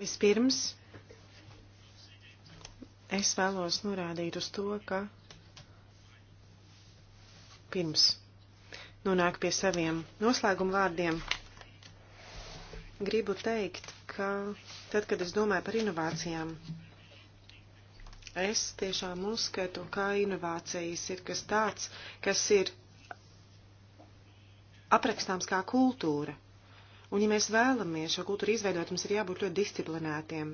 Vispirms es vēlos norādīt uz to, ka pirms nonāk pie saviem noslēguma vārdiem, gribu teikt, ka tad, kad es domāju par inovācijām, es tiešām uzskatu, ka inovācijas ir kas tāds, kas ir aprakstāms kā kultūra. Un, ja mēs vēlamies šo kultūru izveidot, mums ir jābūt ļoti disciplinētiem.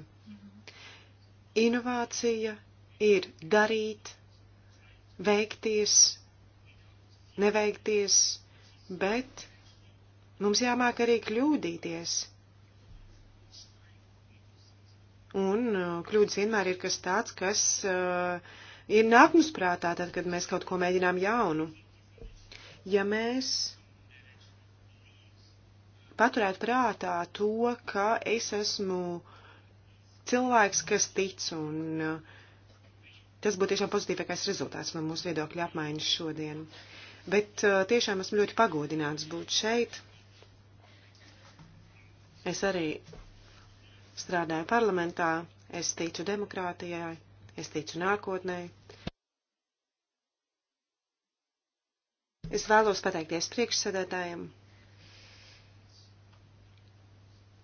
Inovācija ir darīt, veikties, neveikties, bet mums jāmāk arī kļūdīties. Un uh, kļūdas vienmēr ir kas tāds, kas uh, ir nākums prātā, tad, kad mēs kaut ko mēģinām jaunu. Ja mēs paturēt prātā to, ka es esmu cilvēks, kas tic, un uh, tas būtu tiešām pozitīvākais rezultāts no mūsu viedokļa apmaiņas šodien. Bet uh, tiešām esmu ļoti pagodināts būt šeit. Es arī strādāju parlamentā, es ticu demokrātijai, es ticu nākotnē. Es vēlos pateikties priekšsēdētājiem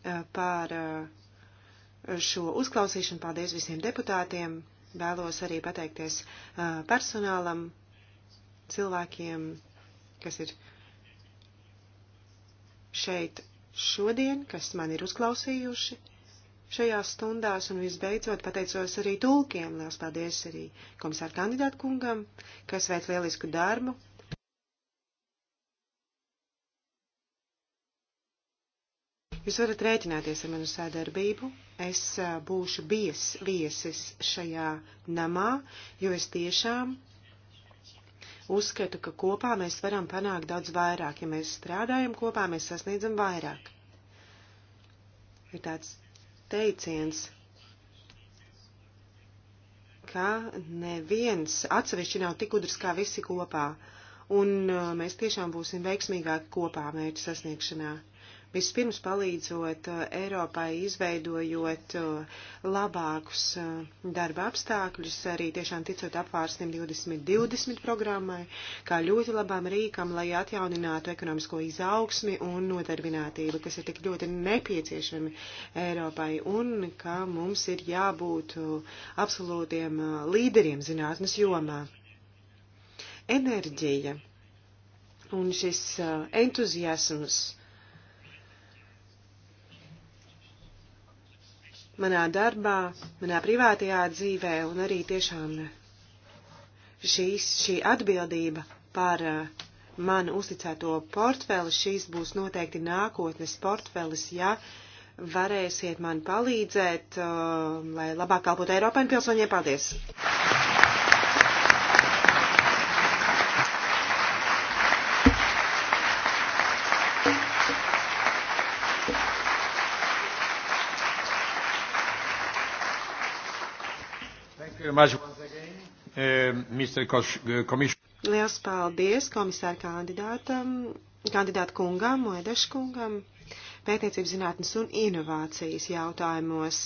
Eh, par eh, šo uzklausīšanu. Paldies visiem deputātiem. Vēlos arī pateikties eh, personālam, cilvēkiem, kas ir šeit šodien, kas man ir uzklausījuši šajās stundās, un visbeidzot pateicos arī tulkiem. Lielas paldies arī komisāra kandidātu kungam, kas veic lielisku darbu, Jūs varat rēķināties ar manu sadarbību. Es būšu bijis viesis šajā namā, jo es tiešām uzskatu, ka kopā mēs varam panākt daudz vairāk. Ja mēs strādājam kopā, mēs sasniedzam vairāk. Ir tāds teiciens, ka neviens atsevišķi nav tik gudrs kā visi kopā, un mēs tiešām būsim veiksmīgāki kopā mērķu sasniegšanā. Vispirms palīdzot uh, Eiropai izveidojot uh, labākus uh, darba apstākļus, arī tiešām ticot apvārsnim 2020 programmai, kā ļoti labām rīkam, lai atjauninātu ekonomisko izaugsmi un nodarbinātību, kas ir tik ļoti nepieciešami Eiropai un ka mums ir jābūt absolūtiem līderiem zinātnes jomā enerģija un šis entuziasms manā darbā, manā privātajā dzīvē un arī tiešām šīs, šī atbildība par uh, man uzticēto portfeli, šīs būs noteikti nākotnes portfelis, ja varēsiet man palīdzēt, uh, lai labāk kalpotu Eiropai un pilsoņiem. Paldies! E, e, Liels paldies komisāra kandidātam, kandidāta kungam, Moedeškungam, pētniecības zinātnes un inovācijas jautājumos.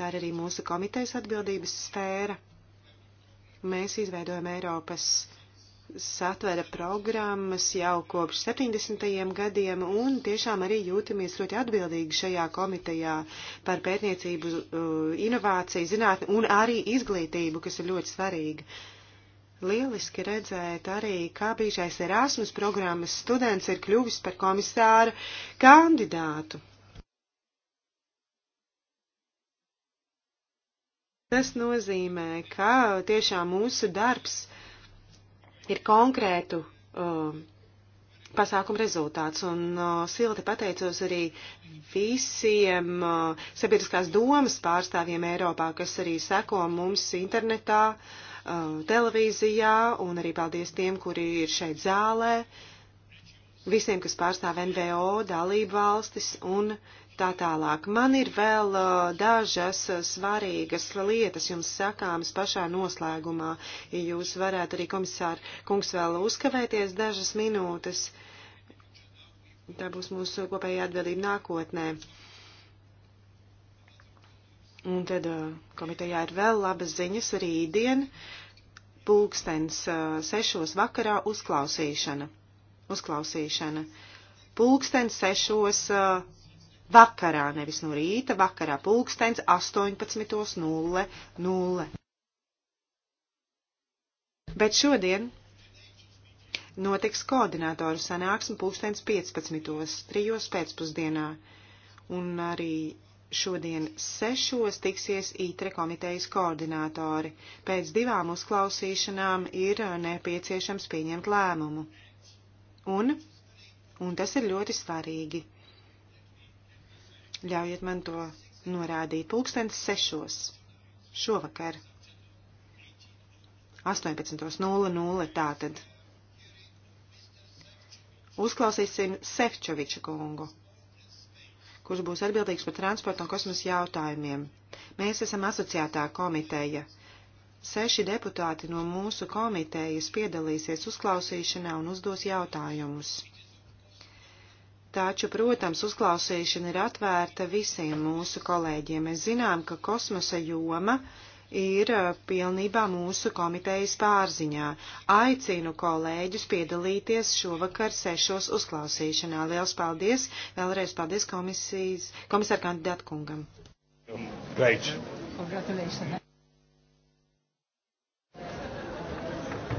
Tā ir arī mūsu komitejas atbildības sfēra. Mēs izveidojam Eiropas satvera programmas jau kopš 70. gadiem un tiešām arī jūtamies ļoti atbildīgi šajā komitejā par pētniecību, uh, inovāciju, zinātni un arī izglītību, kas ir ļoti svarīga. Lieliski redzēt arī, kā bijušais Erasmus programmas students ir kļuvis par komisāru kandidātu. Tas nozīmē, ka tiešām mūsu darbs uh, ir konkrētu um, pasākumu rezultāts. Un uh, silti pateicos arī visiem uh, sabiedriskās domas pārstāvjiem Eiropā, kas arī seko mums internetā, uh, televīzijā, un arī paldies tiem, kuri ir šeit zālē, visiem, kas pārstāv NVO, dalību valstis un tā tālāk. Man ir vēl dažas svarīgas lietas jums sakāmas pašā noslēgumā. Ja jūs varētu arī komisāri kungs vēl uzkavēties dažas minūtes, tā būs mūsu kopējā atbildība nākotnē. Un tad komitejā ir vēl labas ziņas rītdien, pulkstens sešos vakarā uzklausīšana. Uzklausīšana. Pulkstens sešos uh, vakarā, nevis no rīta, vakarā pulkstens 18.00. Bet šodien notiks koordinātoru sanāksme pulkstens 15. trijos pēcpusdienā, un arī šodien sešos tiksies ITRE komitejas koordinātori. Pēc divām uzklausīšanām ir nepieciešams pieņemt lēmumu. Un, un tas ir ļoti svarīgi. Ļaujiet man to norādīt. Pulkstens sešos šovakar 18.00 tātad. Uzklausīsim Sefčoviča kungu, kurš būs atbildīgs par transporta un kosmosa jautājumiem. Mēs esam asociētā komiteja. Seši deputāti no mūsu komitejas piedalīsies uzklausīšanā un uzdos jautājumus. Taču, protams, uzklausīšana ir atvērta visiem mūsu kolēģiem. Mēs zinām, ka kosmosa joma ir uh, pilnībā mūsu komitejas pārziņā. Aicinu kolēģus piedalīties šovakar sešos uzklausīšanā. Liels paldies! Vēlreiz paldies komisijas, komisāra kandidātu kungam! Great. Congratulations.